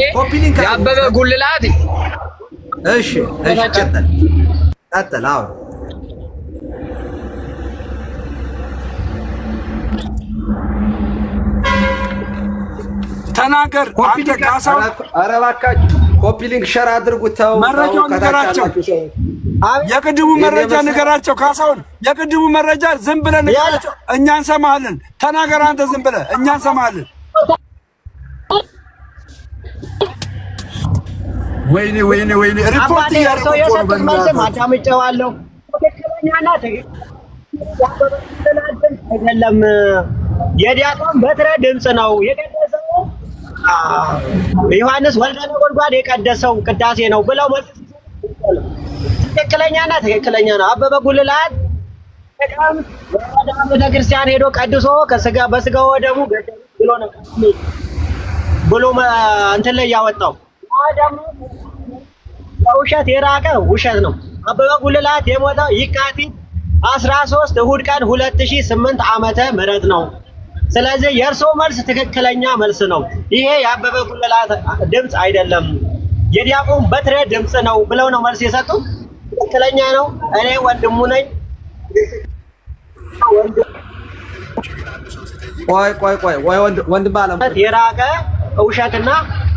የአበበ ጉልላት። እሺ፣ እሺ፣ ቀጥል፣ ቀጥል። አዎ ተናገር አንተ ካሳው። ኧረ እባካችሁ ኮፒ ሊንክ ሸር አድርጉት። ተው መረጃውን ንገራቸው። የቅድሙ መረጃ ንገራቸው። ካሳውን የቅድሙ መረጃ ዝም ብለህ ንገራቸው። እኛ እንሰማሃለን። ተናገር አንተ ዝም ብለህ እኛ እንሰማሃለን። ወይኔ ወይኔ ወይኔ ሪፖርት እያደረኩ ነው። በእናትህ ትክክለኛ ናት። አይደለም የዲያቆን በትረ ድምፅ ነው የቀደሰው ዮሐንስ ወልደ ነጎድጓድ የቀደሰው ቅዳሴ ነው ብለው ትክክለኛ ናት። ትክክለኛ ነው። አበበ ጉልላት ቤተ ክርስቲያን ሄዶ ቀድሶ ከስጋ በስጋው ወደሙ ብሎ ነው ብሎ እንትን ላይ ያወጣው ደግሞ ከውሸት የራቀ ውሸት ነው። አበበ ጉልላት የሞተው የካቲት 13 እሁድ ቀን 2008 ዓመተ ምህረት ነው። ስለዚህ የእርሶ መልስ ትክክለኛ መልስ ነው። ይሄ የአበበ ጉልላት ድምፅ አይደለም፣ የዲያቆን በትረ ድምፅ ነው ብለው ነው መልስ የሰጡት። ትክክለኛ ነው። እኔ ወንድሙ ነኝ። ቆይ ቆይ ቆይ ወንድም አለም የራቀ ውሸትና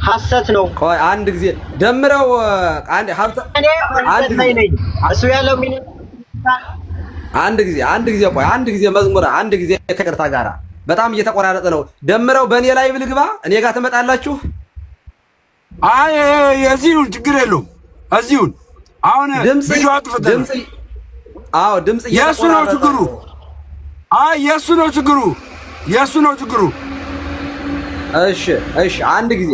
ሐሰት ነው። አንድ ጊዜ ደምረው አንድ ሀብታ አንድ እሱ ያለው አንድ ጊዜ አንድ ጊዜ ቆይ አንድ ጊዜ መዝሙር አንድ ጊዜ ከቅርታ ጋራ በጣም እየተቆራረጠ ነው። ደምረው በእኔ ላይ ብልግባ እኔ ጋር ትመጣላችሁ። አይ የዚሁን ችግር የለውም። እዚሁን አሁን ድምጽ ድምጽ አዎ ድምጽ የእሱ ነው ችግሩ። አይ የእሱ ነው ችግሩ። የእሱ ነው ችግሩ እሺ እሺ፣ አንድ ጊዜ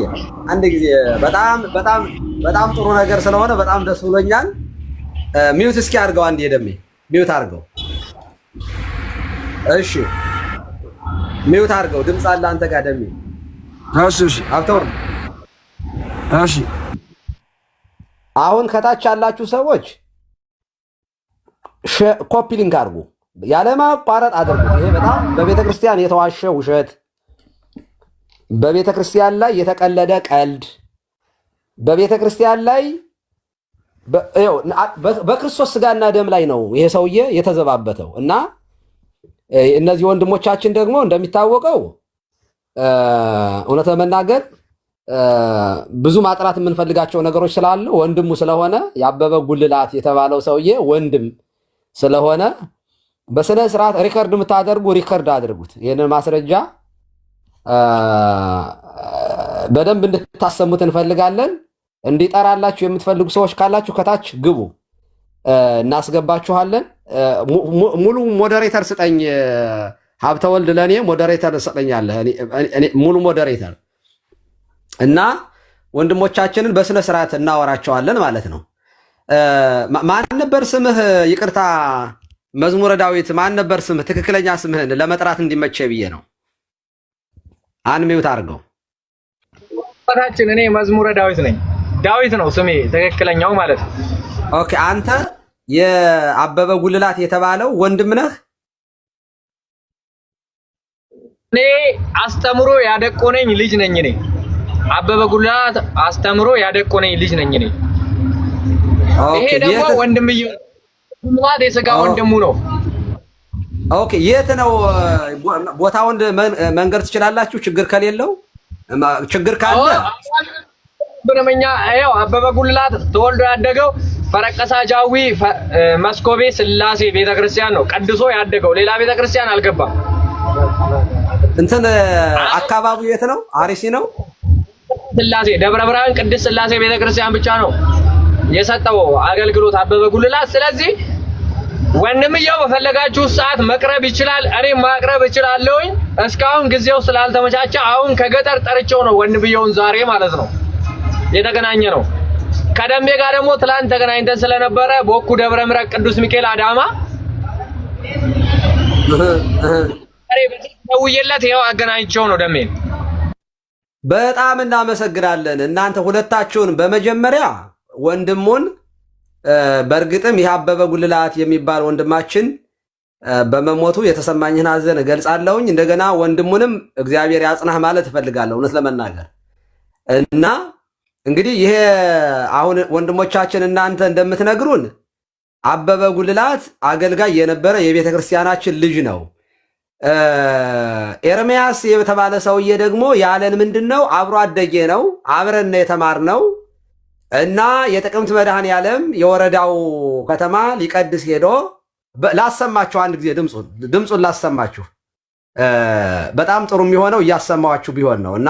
አንድ ጊዜ። በጣም በጣም በጣም ጥሩ ነገር ስለሆነ በጣም ደስ ብሎኛል። ሚውት እስኪ አድርገው አንድ የደሜ ሚውት አድርገው። እሺ ሚውት አድርገው። ድምፅ አለ አንተ ጋር ደሜ። እሺ እሺ፣ አብተው እሺ። አሁን ከታች ያላችሁ ሰዎች ኮፒ ሊንክ አድርጉ፣ ያለማቋረጥ አድርጉ። ይሄ በጣም በቤተክርስቲያን የተዋሸ ውሸት በቤተ ክርስቲያን ላይ የተቀለደ ቀልድ በቤተ ክርስቲያን ላይ በክርስቶስ ስጋና ደም ላይ ነው ይሄ ሰውዬ የተዘባበተው እና እነዚህ ወንድሞቻችን ደግሞ እንደሚታወቀው እውነት ለመናገር ብዙ ማጥራት የምንፈልጋቸው ነገሮች ስላሉ ወንድሙ ስለሆነ የአበበ ጉልላት የተባለው ሰውዬ ወንድም ስለሆነ በስነ ስርዓት ሪከርድ የምታደርጉ ሪከርድ አድርጉት ይህንን ማስረጃ በደንብ እንድታሰሙት እንፈልጋለን። እንዲጠራላችሁ የምትፈልጉ ሰዎች ካላችሁ ከታች ግቡ፣ እናስገባችኋለን። ሙሉ ሞዴሬተር ስጠኝ ሀብተወልድ፣ ለእኔ ሞዴሬተር ሰጠኛለህ። ሙሉ ሞዴሬተር እና ወንድሞቻችንን በስነ ስርዓት እናወራቸዋለን ማለት ነው። ማን ነበር ስምህ? ይቅርታ መዝሙረ ዳዊት ማን ነበር ስምህ? ትክክለኛ ስምህን ለመጥራት እንዲመቼ ብዬ ነው። አንሚውት አድርገው። ታችን እኔ መዝሙረ ዳዊት ነኝ። ዳዊት ነው ስሜ ትክክለኛው ማለት ነው። ኦኬ አንተ የአበበ ጉልላት የተባለው ወንድም ነህ። እኔ አስተምሮ ያደቆነኝ ልጅ ነኝ። እኔ አበበ ጉልላት አስተምሮ ያደቆነኝ ልጅ ነኝ። እኔ ይሄ ደግሞ ወንድምዬ ጉልላት የስጋ ወንድሙ ነው። ኦኬ፣ የት ነው ቦታውን መንገድ ትችላላችሁ? ችግር ከሌለው ችግር ካለ ብንምኛ ያው አበበ ጉልላት ተወልዶ ያደገው ፈረቀሳ ጃዊ መስኮቤ ስላሴ ቤተክርስቲያን ነው ቀድሶ ያደገው። ሌላ ቤተክርስቲያን አልገባም። እንትን አካባቢው የት ነው? አሪሲ ነው። ስላሴ ደብረ ብርሃን ቅድስት ስላሴ ቤተክርስቲያን ብቻ ነው የሰጠው አገልግሎት አበበ ጉልላት። ስለዚህ ወንድምየው በፈለጋችሁ ሰዓት መቅረብ ይችላል። እኔ ማቅረብ እችላለሁኝ። እስካሁን ጊዜው ስላልተመቻቸ አሁን ከገጠር ጠርቼው ነው ወንድምየውን ዛሬ ማለት ነው የተገናኘ ነው። ከደንቤ ጋር ደግሞ ትላንት ተገናኝተን ስለነበረ ቦኩ ደብረ ምረቅ ቅዱስ ሚካኤል አዳማ ደውዬለት ይኸው አገናኝቸው ነው ደሜን። በጣም እናመሰግናለን እናንተ ሁለታችሁን በመጀመሪያ ወንድሙን በእርግጥም ይህ አበበ ጉልላት የሚባል ወንድማችን በመሞቱ የተሰማኝን ሐዘን እገልጻለሁኝ። እንደገና ወንድሙንም እግዚአብሔር ያጽናህ ማለት እፈልጋለሁ እውነት ለመናገር እና እንግዲህ ይሄ አሁን ወንድሞቻችን እናንተ እንደምትነግሩን አበበ ጉልላት አገልጋይ የነበረ የቤተ ክርስቲያናችን ልጅ ነው። ኤርምያስ የተባለ ሰውዬ ደግሞ ያለን ምንድን ነው አብሮ አደጌ ነው፣ አብረን የተማር ነው እና የጥቅምት መድኃኔ ዓለም የወረዳው ከተማ ሊቀድስ ሄዶ ላሰማችሁ፣ አንድ ጊዜ ድምፁን ድምፁን ላሰማችሁ። በጣም ጥሩ የሚሆነው እያሰማችሁ ቢሆን ነው እና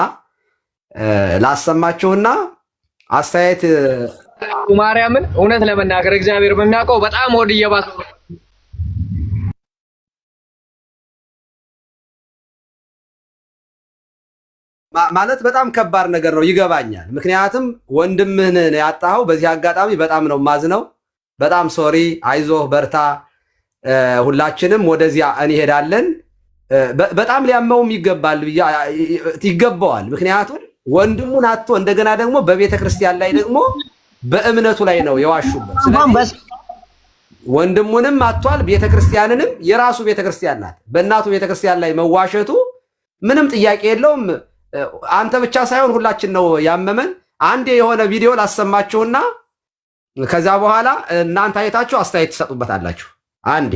ላሰማችሁና አስተያየት ማርያምን እውነት ለመናገር እግዚአብሔር በሚያውቀው በጣም ወድ እየባሰ ማለት በጣም ከባድ ነገር ነው፣ ይገባኛል። ምክንያቱም ወንድምህን ያጣኸው በዚህ አጋጣሚ በጣም ነው ማዝነው። በጣም ሶሪ፣ አይዞህ፣ በርታ። ሁላችንም ወደዚያ እንሄዳለን። በጣም ሊያመውም ይገባል ይገባዋል። ምክንያቱም ወንድሙን አቶ እንደገና ደግሞ በቤተ ክርስቲያን ላይ ደግሞ በእምነቱ ላይ ነው የዋሹበት። ስለዚህ ወንድሙንም አቷል፣ ቤተ ክርስቲያንንም የራሱ ቤተ ክርስቲያን ናት። በእናቱ ቤተ ክርስቲያን ላይ መዋሸቱ ምንም ጥያቄ የለውም። አንተ ብቻ ሳይሆን ሁላችን ነው ያመመን። አንድ የሆነ ቪዲዮ ላሰማችሁና ከዛ በኋላ እናንተ አይታችሁ አስተያየት ትሰጡበታላችሁ። አንዴ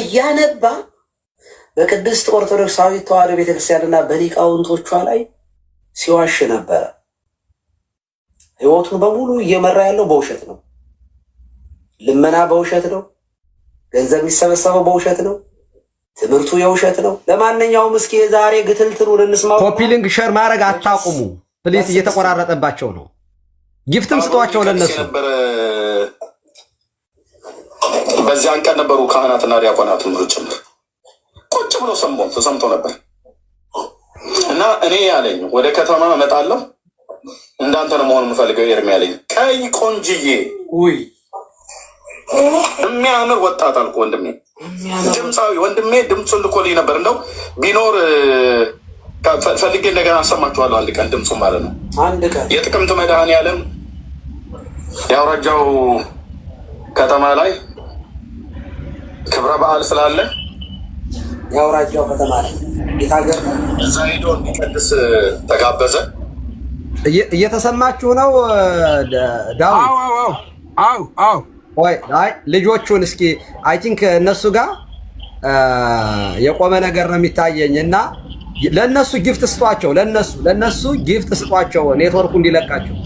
እያነባ በቅድስት ኦርቶዶክሳዊ ተዋሕዶ ቤተክርስቲያንና በሊቃውንቶቿ ላይ ሲዋሽ ነበረ። ህይወቱን በሙሉ እየመራ ያለው በውሸት ነው። ልመና በውሸት ነው። ገንዘብ የሚሰበሰበው በውሸት ነው። ትምህርቱ የውሸት ነው። ለማንኛውም እስኪ የዛሬ ግትልትሉን እንስማ። ኮፒሊንግ ሸር ማድረግ አታቁሙ ፕሊስ፣ እየተቆራረጠባቸው ነው። ጊፍትም ስጧቸው ለነሱ። በዚያን ቀን ነበሩ ካህናትና ዲያቆናት ጭምር ቁጭ ብሎ ሰምቶ ነበር። እና እኔ ያለኝ ወደ ከተማ እመጣለሁ እንዳንተ ነው መሆን የምፈልገው ኤርሚ ያለኝ ቀይ ቆንጅዬ ውይ የሚያምር ወጣት አልኩ ወንድሜ፣ ድምፃዊ ወንድሜ ድምፁን ልኮልኝ ነበር። እንደው ቢኖር ፈልጌ እንደገና አሰማችኋለሁ አንድ ቀን ድምፁ ማለት ነው። የጥቅምት መድሃን ያለም የአውራጃው ከተማ ላይ ክብረ በዓል ስላለ የአውራጃው ከተማ ላይ የታገር እዛ ሄዶ እንዲቀድስ ተጋበዘ። እየተሰማችሁ ነው ዳዊት? አይ ልጆቹን እስኪ አይ ቲንክ እነሱ ጋር የቆመ ነገር ነው የሚታየኝ እና ለእነሱ ጊፍት ስጧቸው። ለነሱ ለነሱ ጊፍት ስጧቸው፣ ኔትወርኩ እንዲለቃቸው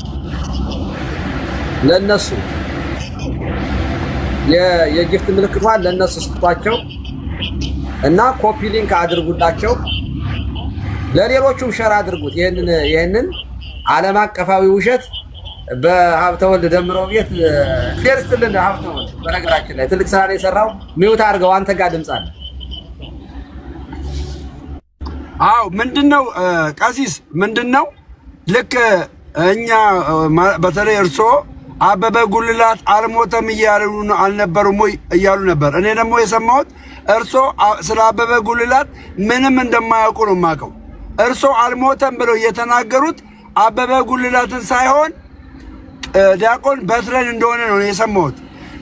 ለነሱ የጊፍት ምልክቷን ለእነሱ ስጧቸው። እና ኮፒ ሊንክ አድርጉላቸው። ለሌሎቹም ሸር አድርጉት። ይህንን ይህንን ዓለም አቀፋዊ ውሸት በሀብተወልድ ደምረው ቤት ሊርስትልን ሀብተወልድ በነገራችን ላይ ትልቅ ስራ የሰራው ሚውት አድርገው አንተ ጋር ድምፅ አለ። አው ምንድን ነው ቀሲስ፣ ምንድን ነው ልክ እኛ በተለይ እርሶ አበበ ጉልላት አልሞተም እያሉ አልነበሩም ወይ እያሉ ነበር። እኔ ደግሞ የሰማሁት እርሶ ስለ አበበ ጉልላት ምንም እንደማያውቁ ነው የማውቀው። እርሶ አልሞተም ብለው የተናገሩት አበበ ጉልላትን ሳይሆን ዲያቆን በትረን እንደሆነ ነው የሰማሁት።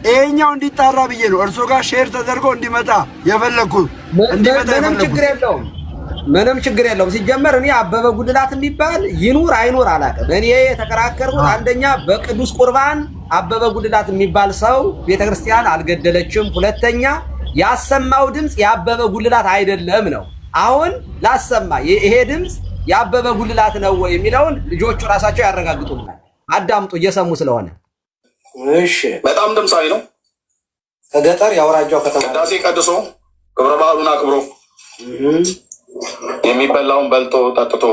ይሄኛው እንዲጣራ ብዬ ነው እርሶ ጋር ሼር ተደርጎ እንዲመጣ የፈለግኩ። ምንም ችግር የለውም፣ ምንም ችግር የለውም። ሲጀመር እኔ አበበ ጉልላት የሚባል ይኑር አይኑር አላውቅም። እኔ የተከራከርኩት አንደኛ በቅዱስ ቁርባን አበበ ጉልላት የሚባል ሰው ቤተክርስቲያን አልገደለችም፣ ሁለተኛ ያሰማው ድምፅ ያበበ ጉልላት አይደለም ነው። አሁን ላሰማ ይሄ ድምፅ ያበበ ጉልላት ነው ወይ የሚለውን ልጆቹ ራሳቸው ያረጋግጡልናል። አዳምጡ፣ እየሰሙ ስለሆነ። እሺ፣ በጣም ድምፃዊ ነው። ከገጠር የአውራጃው ከተማ ቅዳሴ ቀድሶ ክብረ በዓሉን አክብሮ የሚበላውን በልቶ ጠጥቶ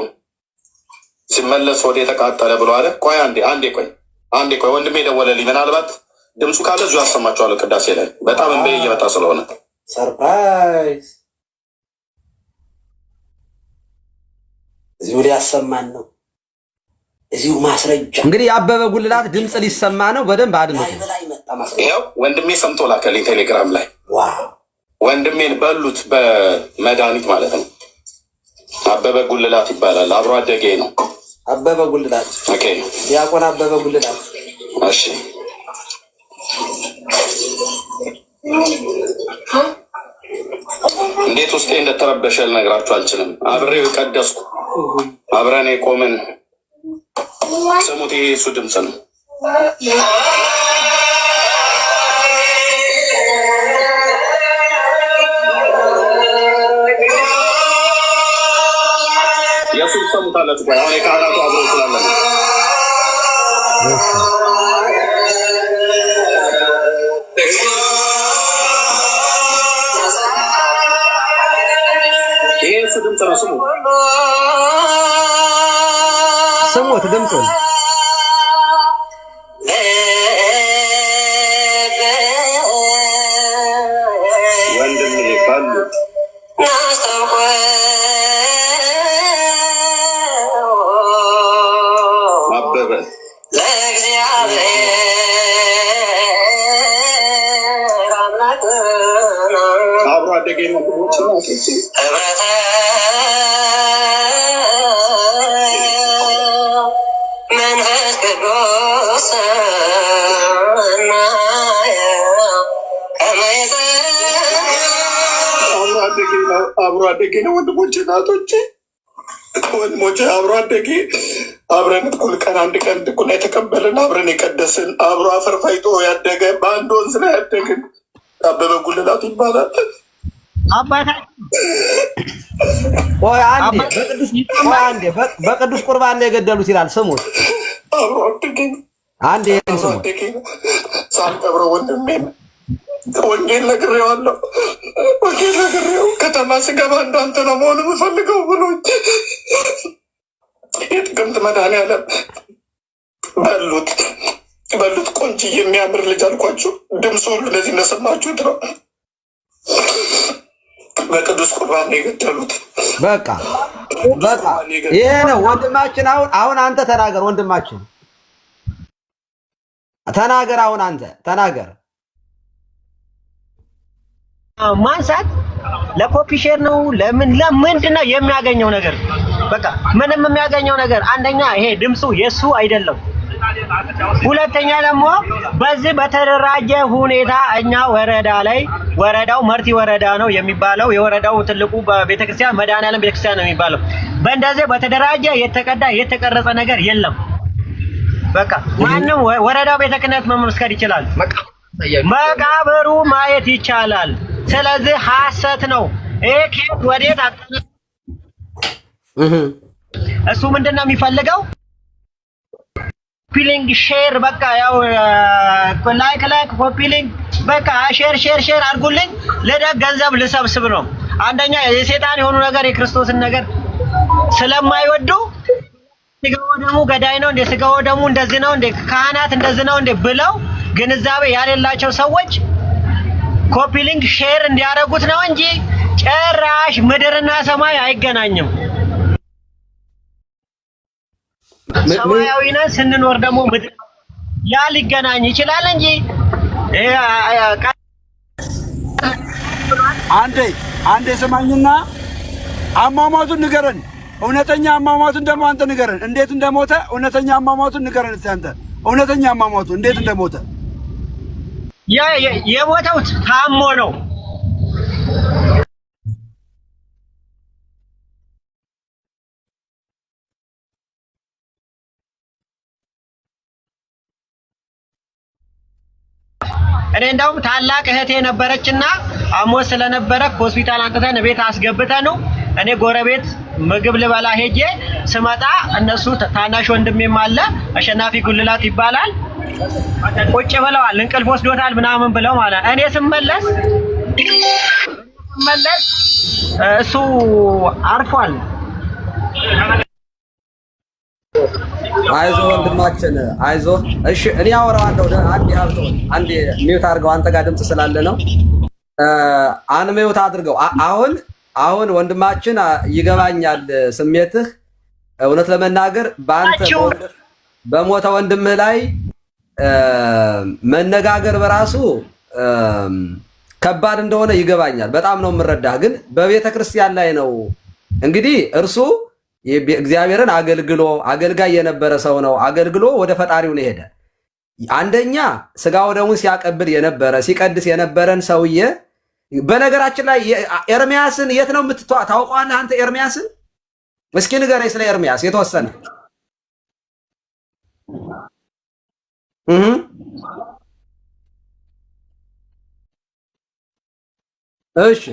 ሲመለስ ወደ የተቃጠለ ብሎ አለ። ቆይ አንዴ፣ አንዴ፣ ቆይ አንዴ፣ ቆይ ወንድሜ ደወለልኝ ምናልባት ድምፁ ካለ እዚሁ አሰማችኋለሁ። ቅዳሴ ላይ በጣም እንበ እየመጣ ስለሆነ ሰርፕራይዝ እዚሁ ሊያሰማን ነው። እዚሁ ማስረጃ እንግዲህ የአበበ ጉልላት ድምፅ ሊሰማ ነው። በደንብ አድምጡ። ይኸው ወንድሜ ሰምቶ ላከልኝ ቴሌግራም ላይ ወንድሜን በሉት በመድኃኒት ማለት ነው። አበበ ጉልላት ይባላል። አብሮ አደጌ ነው። አበበ ጉልላት ዲያቆን አበበ ጉልላት እሺ እንዴት ውስጤ እንደተረበሸ ልነግራችሁ አልችልም። አብሬው የቀደስኩ አብረን የቆምን ስሙት፣ የሱ ድምፅ ነው። የሱ ሰሙት አለት አሁን አብሮ አደጌ ነው። ወንድሞቼ ናቶቼ፣ ወንድሞቼ አብሮ አደጌ አብረን እኩል ቀን አንድ ቀን ድቁና የተቀበልን አብረን የቀደስን አብሮ አፈርፋይቶ ያደገ በአንድ ወንዝ ላይ ያደግን አበበ ጉልላት ይባላል። አባታችን በቅዱስ ቁርባን ነው የገደሉት ይላል። ስሙት አብሮ አደጌ አንድ ይሄን ስሙ ሳልቀብረ ወንድሜን ወንጌል ነግሬዋለሁ። ወንጌል ነግሬው ከተማ ስገባ እንዳንተ ነው መሆኑ የምፈልገው ብሎ የጥቅምት መድኃኒዓለም በሉት በሉት ቆንጆ የሚያምር ልጅ አልኳችሁ። ድምፅ ሁሉ እንደዚህ እንደሰማችሁት ነው። በቅዱስ ቁርባን ነው የገደሉት በቃ በቃ ይሄ ነው ወንድማችን። አሁን አሁን አንተ ተናገር ወንድማችን ተናገር። አሁን አንተ ተናገር። ማንሳት ለኮፒ ሼር ነው። ለምን ለምንድን ነው የሚያገኘው ነገር? በቃ ምንም የሚያገኘው ነገር አንደኛ ይሄ ድምፁ የሱ አይደለም። ሁለተኛ ደግሞ በዚህ በተደራጀ ሁኔታ እኛ ወረዳ ላይ ወረዳው መርቲ ወረዳ ነው የሚባለው የወረዳው ትልቁ ቤተክርስቲያን መድኃኔዓለም ቤተክርስቲያን ነው የሚባለው። በእንደዚህ በተደራጀ የተቀዳ የተቀረጸ ነገር የለም። በቃ ማንም ወረዳው ቤተ ክህነት መመስከር ይችላል። መቃብሩ ማየት ይቻላል። ስለዚህ ሀሰት ነው። ይሄ ኬት ወዴት እሱ ምንድን ነው የሚፈልገው? ኮፒሊንግ ሼር በቃ ያው ላይክ ላይክ ኮፒሊንግ በቃ ሼር ሼር ሼር አድርጉልኝ ለደግ ገንዘብ ልሰብስብ ነው። አንደኛ የሴጣን የሆኑ ነገር የክርስቶስን ነገር ስለማይወዱ ስጋው ደሙ ገዳይ ነው እንዴ? ስጋው ደሙ እንደዚህ ነው እንዴ? ካህናት እንደዚህ ነው እንዴ? ብለው ግንዛቤ ያሌላቸው ሰዎች ኮፒ ሊንክ ሼር እንዲያደርጉት ነው እንጂ ጭራሽ ምድርና ሰማይ አይገናኝም። ሰማያዊ ነን ስንኖር ደግሞ ምድር ያ ሊገናኝ ይችላል እንጂ አንዴ አንዴ ሰማኝና አሟሟቱን ንገረን። እውነተኛ አሟሟቱን ደግሞ አንተ ንገረን፣ እንዴት እንደሞተ እውነተኛ አሟሟቱን ንገረን እስኪ አንተ። እውነተኛ አሟሟቱ እንዴት እንደሞተ የሞተው ታሞ ነው። እኔ እንደውም ታላቅ እህቴ ነበረችና አሞ ስለነበረ ሆስፒታል አንጥተን ቤት አስገብተ ነው እኔ ጎረቤት ምግብ ልበላ ሄጄ ስመጣ እነሱ ታናሽ ወንድሜም አለ አሸናፊ ጉልላት ይባላል ቁጭ ብለዋል። እንቅልፍ ወስዶታል ምናምን ብለው ማለት እኔ ስመለስ ስመለስ እሱ አርፏል። አይዞ ወንድማችን አይዞ። እሺ እኔ አወራዋለሁ። አንዴ ሀብቶ አንዴ ሚውት አድርገው አንተ ጋር ድምፅ ስላለ ነው አንሚውት አድርገው አሁን አሁን ወንድማችን ይገባኛል ስሜትህ። እውነት ለመናገር በአንተ በሞተ ወንድምህ ላይ መነጋገር በራሱ ከባድ እንደሆነ ይገባኛል። በጣም ነው የምረዳህ። ግን በቤተ ክርስቲያን ላይ ነው እንግዲህ እርሱ እግዚአብሔርን አገልግሎ አገልጋይ የነበረ ሰው ነው። አገልግሎ ወደ ፈጣሪው ነው ሄደ። አንደኛ ስጋ ወደሙን ሲያቀብል የነበረ ሲቀድስ የነበረን ሰውዬ በነገራችን ላይ ኤርሚያስን የት ነው የምትተዋ? ታውቀዋለህ አንተ ኤርሚያስን? እስኪ ንገረኝ ስለ ኤርሚያስ የተወሰነ እሺ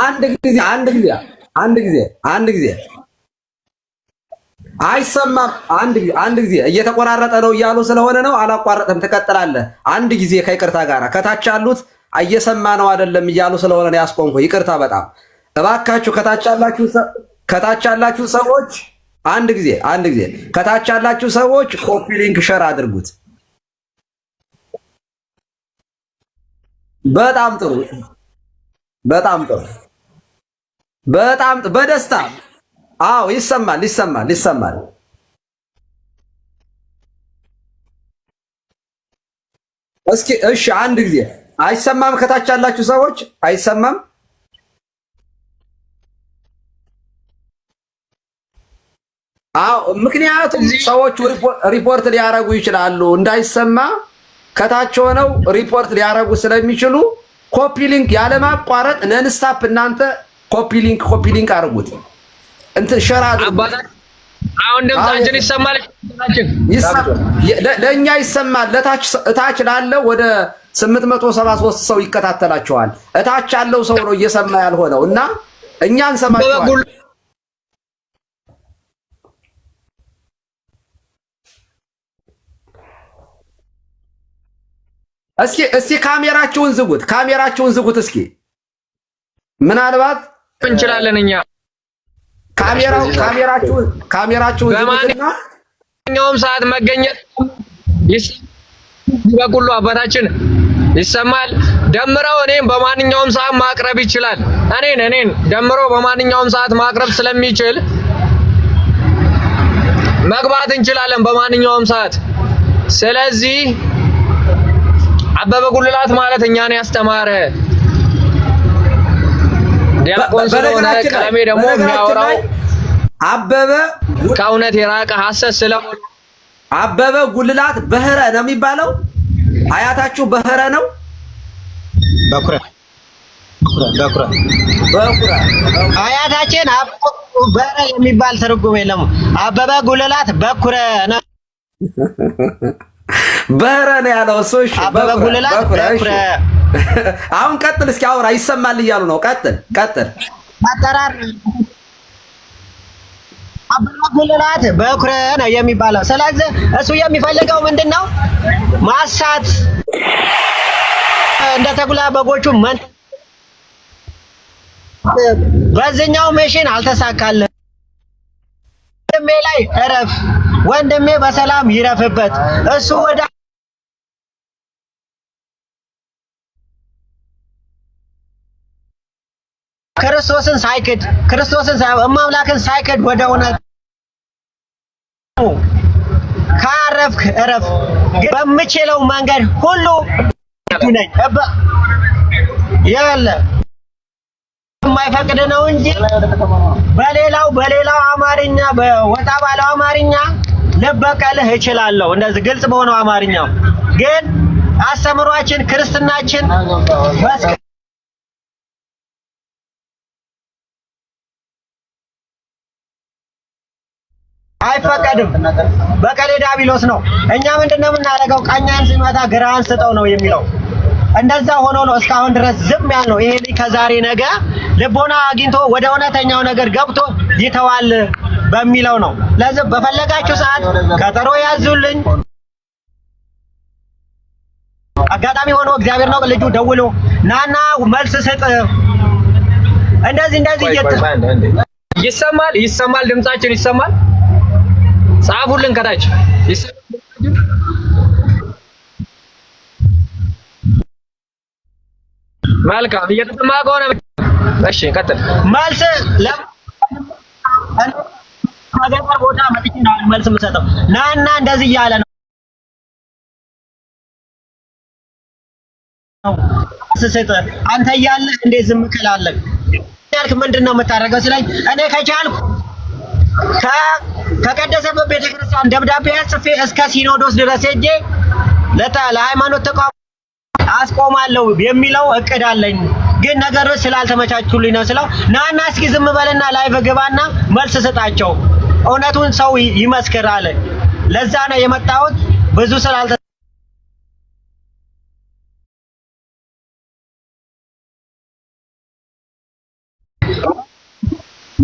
አንድ ጊዜ አንድ ጊዜ አንድ ጊዜ አንድ ጊዜ አይሰማም። አንድ ጊዜ አንድ ጊዜ እየተቆራረጠ ነው እያሉ ስለሆነ ነው። አላቋረጠም፣ ትቀጥላለህ። አንድ ጊዜ ከይቅርታ ጋር ከታች አሉት እየሰማ ነው አይደለም እያሉ ስለሆነ ነው ያስቆምኩ። ይቅርታ በጣም እባካችሁ፣ ከታች አላችሁ ከታች አላችሁ ሰዎች አንድ ጊዜ አንድ ጊዜ ከታች ያላችሁ ሰዎች ኮፒ ሊንክ ሸር አድርጉት። በጣም ጥሩ፣ በጣም ጥሩ። በጣም በደስታ አዎ፣ ይሰማል ይሰማል ይሰማል። እስኪ እሺ፣ አንድ ጊዜ አይሰማም። ከታች ያላችሁ ሰዎች አይሰማም። አዎ፣ ምክንያቱም ሰዎች ሪፖርት ሊያረጉ ይችላሉ። እንዳይሰማ ከታች ሆነው ሪፖርት ሊያረጉ ስለሚችሉ ኮፒ ሊንክ ያለማቋረጥ ነንስታፕ እናንተ ኮፒ ሊንክ ኮፒ ሊንክ አድርጉት። እንትን ሸራ አሁን ድምጻችን ይሰማል። ለእኛ ይሰማል። ለታች እታች ላለው ወደ 873 ሰው ይከታተላቸዋል። እታች ያለው ሰው ነው እየሰማ ያልሆነው እና እኛ እንሰማቸዋል። እስኪ እስኪ ካሜራችሁን ዝጉት፣ ካሜራችሁን ዝጉት። እስኪ ምናልባት እንችላለን እኛ ካሜራው ካሜራችሁ ካሜራችሁ በማንኛውም ሰዓት መገኘት በቁሉ አባታችን ይሰማል። ደምረው እኔን በማንኛውም ሰዓት ማቅረብ ይችላል። እኔን እኔን ደምረው በማንኛውም ሰዓት ማቅረብ ስለሚችል መግባት እንችላለን በማንኛውም ሰዓት። ስለዚህ አበበ ጉልላት ማለት እኛን ያስተማረ ዲያቆን ስለሆነ ቀለሜ ደግሞ የሚያወራው አበበ ከእውነት የራቀ ሐሰት ስለሆነ አበበ ጉልላት በህረ ነው የሚባለው። አያታችሁ በህረ ነው። በኩረ በኩረ በኩረ አያታችን በረ የሚባል ትርጉም የለም። አበበ ጉልላት በኩረ ነው። በረን ያለው እሱ አሁን ቀጥል፣ እስኪ አውራ ይሰማል እያሉ ነው። ቀጥል ቀጥል። አጠራር አበራ ጉልላት በኩረ ነው የሚባለው። ስለዚህ እሱ የሚፈልገው ምንድን ነው? ማሳት እንደ ተኩላ በጎቹ መን በዚህኛው መሽን አልተሳካለ። እድሜ ላይ እረፍ ወንድሜ በሰላም ይረፍበት። እሱ ወደ ክርስቶስን ሳይክድ ክርስቶስን እማምላክን ሳይክድ ወደ እውነት ካረፍክ እረፍ። በምችለው መንገድ ሁሉ ነኝ ያለ የማይፈቅድ ነው እንጂ በሌላው በሌላው አማርኛ በወጣ ባለው አማርኛ ልበቀልህ እችላለሁ። እንደዚህ ግልጽ በሆነው አማርኛው ግን አስተምሯችን ክርስትናችን አይፈቀድም። በቀሌ ዳቢሎስ ነው። እኛ ምንድነው የምናደርገው? ቀኛን ሲመታ ግራን ስጠው ነው የሚለው። እንደዛ ሆኖ ነው እስካሁን ድረስ ዝም ያል ነው። ይሄ ልጅ ከዛሬ ነገ ልቦና አግኝቶ ወደ እውነተኛው ነገር ገብቶ ይተዋል በሚለው ነው። ለዚህ በፈለጋችሁ ሰዓት ቀጠሮ ያዙልኝ። አጋጣሚ ሆኖ እግዚአብሔር ነው ልጁ ደውሎ ናና መልስ ስጥ እንደዚህ እንደዚህ ይሰማል ይሰማል፣ ድምጻችን ይሰማል። ጻፉልን ከታች መልካም እየተሰማ ከሆነ እሺ፣ ቀጥል። መልስ ለማገር ቦታ መጥቼ ነው መልስ የምሰጠው። ናና እንደዚህ እያለ ነው አንተ እያለህ እንዴት ዝም ትላለህ? ያልክ ምንድን ነው የምታደርገው ስለኝ እኔ ከቻልኩ ከቀደሰበት ቤተክርስቲያን ደብዳቤ ጽፌ እስከ ሲኖዶስ ድረስ ሄጄ ለሃይማኖት ተቋም አስቆማለሁ የሚለው እቅድ አለኝ፣ ግን ነገሮች ስላልተመቻቹልኝ ነው ስለው ናና እስኪ ዝም በልና ላይቭ ግባና መልስ ስጣቸው፣ እውነቱን ሰው ይመስክር አለ። ለዛ ነው የመጣሁት ብዙ ስላልተ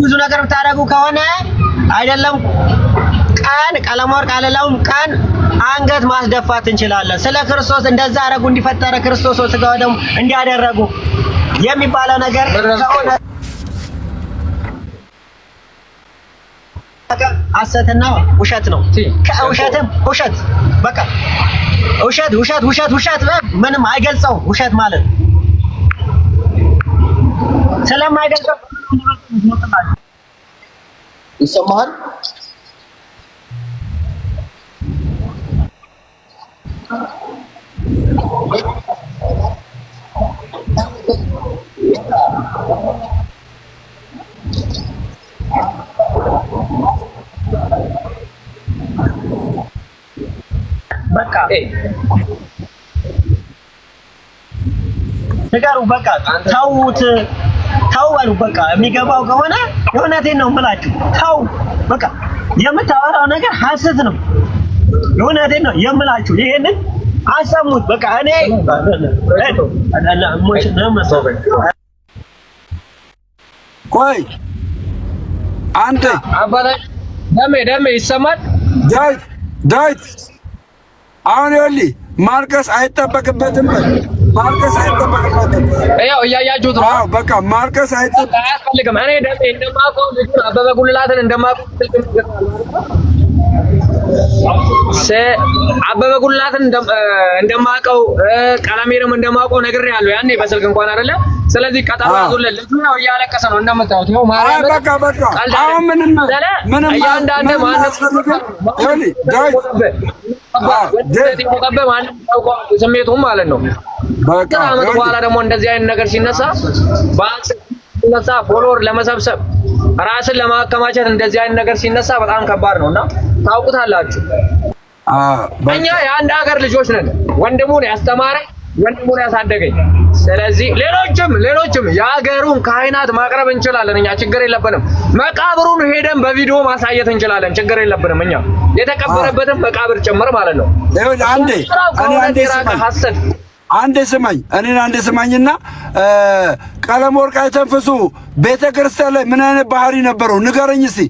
ብዙ ነገር ብታደርጉ ከሆነ አይደለም ቀን ቀለም ወርቅ አለላውም ቀን አንገት ማስደፋት እንችላለን። ስለ ክርስቶስ እንደዛ አረጉ እንዲፈጠረ ክርስቶስ ስጋ ወደሙ እንዲያደረጉ የሚባለው ነገር ሐሰትና ውሸት ነው። ከውሸትም ውሸት በቃ ውሸት ውሸት ውሸት ውሸት ምንም አይገልጸው ውሸት ማለት ስለማይገልጸው ይሰማሃል። በቃ ንገሩ። በቃ ተውት፣ ተው በሉ። በቃ የሚገባው ከሆነ የእውነቴን ነው የምላችሁ። ተው በቃ የምታወራው ነገር ሐሰት ነው። እውነቴን ነው የምላችሁ ይሄንን አሰሙት። በቃ እኔ ቆይ አንተ አባላሽ ደሜ ደሜ ይሰማል። ዳዊት ዳዊት አሁን ይኸውልህ ማልቀስ አይጠበቅበትም። ማልቀስ አይጠበቅበትም። ያው እያያችሁት ነው። በቃ ማልቀስ አያስፈልግም። እኔ ደሜ እንደማውቀው አበበ ጉልላትን እንደማውቀው አበበ ጉልላትን እንደማውቀው ቀለሜንም እንደማውቀው ነግሬሃለሁ ያኔ በስልክ እንኳን አይደለ። ስለዚህ ቀጠሮ ያዙልን። ልጁ ያው እያለቀሰ ነው እንደምታዩት። ይኸው ማርያም በቃ በቃ አሁን ምንም ምንም እያንዳንድ ማነስ ስሜቱም ማለት ነው። ከዓመት በኋላ ደግሞ እንደዚህ አይነት ነገር ሲነሳ በአንስ ሲነሳ ፎሎወር ለመሰብሰብ ራስን ለማከማቸት እንደዚህ አይነት ነገር ሲነሳ በጣም ከባድ ነውና ታውቁታላችሁ። እኛ የአንድ ሀገር ልጆች ነን። ወንድሙን ያስተማረ ወንድሙን ያሳደገኝ። ስለዚህ ሌሎችም ሌሎችም የሀገሩን ካህናት ማቅረብ እንችላለን። እኛ ችግር የለብንም። መቃብሩን ሄደን በቪዲዮ ማሳየት እንችላለን። ችግር የለብንም። እኛ የተቀበረበትን መቃብር ጭምር ማለት ነው። አንዴ አንዴ ሀሰት አንድ ስማኝ፣ እኔን አንድ ስማኝና ቀለም ወርቅ አይተንፍሱ ቤተ ክርስቲያን ላይ ምን አይነት ባህሪ ነበረው ንገረኝ። እስቲ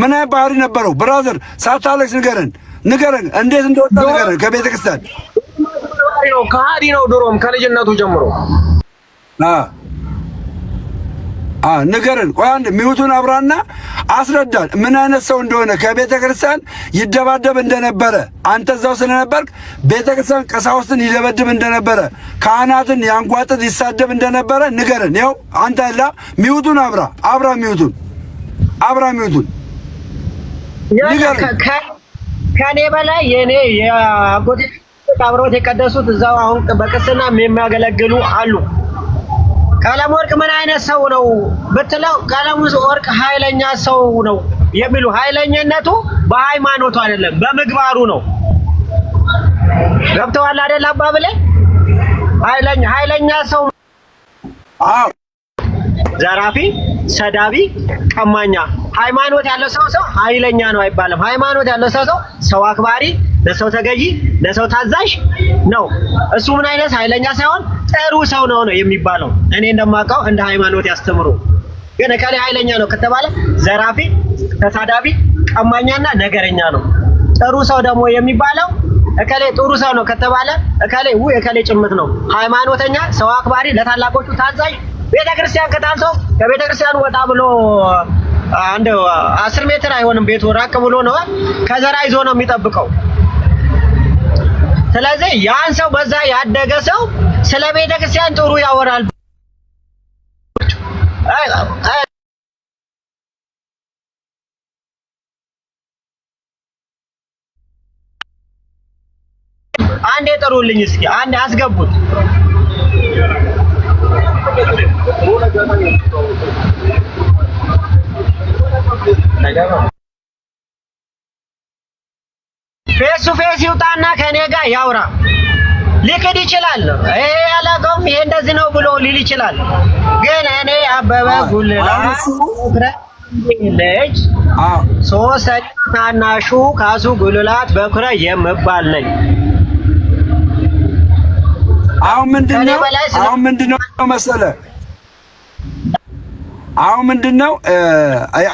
ምን አይነት ባህሪ ነበረው? ብራዘር ሳታለቅስ ንገረን፣ ንገረን እንዴት እንደወጣ ንገረን። ከቤተ ክርስቲያን ከሀዲ ነው ድሮም ከልጅነቱ ጀምሮ ንገርን። ቆይ አንድ ሚውቱን አብራና አስረዳን፣ ምን አይነት ሰው እንደሆነ ከቤተ ክርስቲያን ይደባደብ እንደነበረ አንተ እዛው ስለነበርክ ቤተ ክርስቲያን ቀሳውስትን ይደበድብ እንደነበረ፣ ካህናትን ያንጓጥጥ ይሳደብ እንደነበረ ንገርን። ያው አንተ ላ ሚውቱን አብራ አብራ ሚውቱን አብራ ሚውቱን ንገርን። ከኔ በላይ የኔ የአጎቴ አብሮት የቀደሱት እዛው አሁን በቅስና የሚያገለግሉ አሉ። ቀለም ወርቅ ምን አይነት ሰው ነው ብትለው፣ ቀለም ወርቅ ኃይለኛ ሰው ነው የሚሉ ኃይለኝነቱ በሃይማኖቱ አይደለም በምግባሩ ነው። ገብተዋል አይደል? አባብለ ኃይለኛ ኃይለኛ ሰው አዎ ዘራፊ፣ ሰዳቢ፣ ቀማኛ። ሃይማኖት ያለው ሰው ሰው ኃይለኛ ነው አይባልም። ሃይማኖት ያለው ሰው ሰው ሰው አክባሪ፣ ለሰው ተገዢ፣ ለሰው ታዛዥ ነው። እሱ ምን አይነት ኃይለኛ ሳይሆን ጥሩ ሰው ነው ነው የሚባለው። እኔ እንደማውቀው እንደ ሃይማኖት ያስተምሩ። ግን እከሌ ኃይለኛ ነው ከተባለ ዘራፊ፣ ተሳዳቢ፣ ቀማኛና ነገረኛ ነው። ጥሩ ሰው ደግሞ የሚባለው እከሌ ጥሩ ሰው ነው ከተባለ እከሌ ውይ እከሌ ጭምት ነው። ሃይማኖተኛ፣ ሰው አክባሪ፣ ለታላቆቹ ታዛዥ ቤተክርስቲያን ከታንሰው ከቤተክርስቲያኑ ወጣ ብሎ አንድ አስር ሜትር አይሆንም ቤቱ ራቅ ብሎ ነው። ከዘራ ይዞ ነው የሚጠብቀው። ስለዚህ ያን ሰው በዛ ያደገ ሰው ስለ ቤተክርስቲያን ጥሩ ያወራል። አንዴ ጥሩልኝ እስኪ አንዴ አስገቡት። ፌስ ቱ ፌስ ይውጣና ከኔ ጋር ያውራ። ሊክድ ይችላል። ይሄ ያለቀውም ይሄ እንደዚህ ነው ብሎ ሊል ይችላል። ግን እኔ አበበ ጉልላት ሶስተኛ ታናሹ ካሱ ጉልላት በኩረ የምባል ነኝ። አሁን ምንድነው አሁን ምንድነው መሰለ አሁን ምንድነው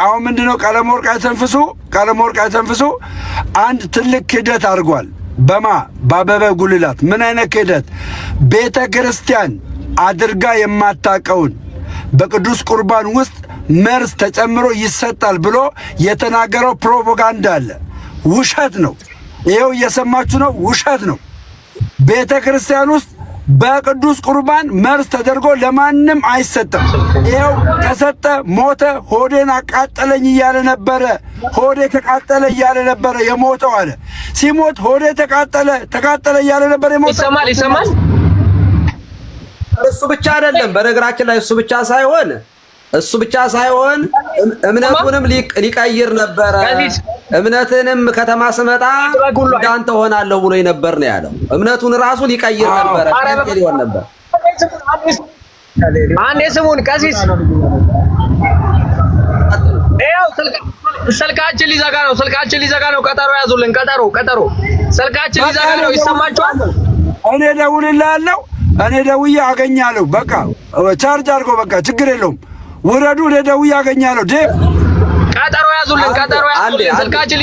አሁን ምንድነው ቀለም ወርቅ አይተንፍሱ ቀለም ወርቅ አይተንፍሱ አንድ ትልቅ ክህደት አድርጓል። በማ በአበበ ጉልላት ምን አይነት ክህደት ቤተ ክርስቲያን አድርጋ የማታቀውን በቅዱስ ቁርባን ውስጥ መርዝ ተጨምሮ ይሰጣል ብሎ የተናገረው ፕሮፓጋንዳ አለ። ውሸት ነው። ይኸው እየሰማችሁ ነው። ውሸት ነው። ቤተ ክርስቲያን ውስጥ በቅዱስ ቁርባን መርስ ተደርጎ ለማንም አይሰጥም። ይኸው ተሰጠ፣ ሞተ፣ ሆዴን አቃጠለኝ እያለ ነበረ። ሆዴ ተቃጠለ እያለ ነበረ የሞተው አለ። ሲሞት ሆዴ ተቃጠለ ተቃጠለ እያለ ነበረ የሞተው። ይሰማል ይሰማል። እሱ ብቻ አይደለም፣ በነገራችን ላይ እሱ ብቻ ሳይሆን እሱ ብቻ ሳይሆን እምነቱንም ሊቀይር ነበረ እምነትንም ከተማ ስመጣ እንዳንተ ሆናለሁ ብሎ ነበር ነው ያለው። እምነቱን ራሱ ሊቀይር ነበር ሊሆን ነበር። አንዴ ስሙን ቀሲስ ስልካችን ሊዘጋ ነው። ስልካችን ሊዘጋ ነው። ቀጠሮ ያዙልን። ቀጠሮ ቀጠሮ ስልካችን ሊዘጋ ነው። ይሰማችኋል? እኔ ደውልልሃለሁ። እኔ ደውዬ አገኛለሁ። በቃ ቻርጅ አድርጎ በቃ ችግር የለውም። ውረዱ። እኔ ደውዬ አገኛለሁ ዴቭ ቀጠሮ ያዙልን፣ ቀጠሮ ያዙልን። ስልካችን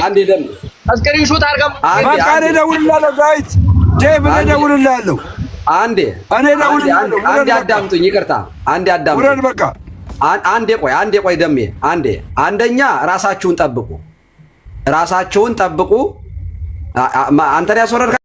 እስክሪን ሹት አርገም በቃ እኔ እደውልልሃለሁ። ጋይት ጄብ እኔ እደውልልሃለሁ። አንዴ እኔ እደውልልሃለሁ። አንዴ አዳምጡኝ፣ ይቅርታ አንዴ አዳምጡኝ። ውረድ በቃ አንዴ ቆይ፣ አንዴ ቆይ ደሜ፣ አንዴ አንደኛ ራሳችሁን ጠብቁ፣ ራሳችሁን ጠብቁ። አንተን ያስወረድከ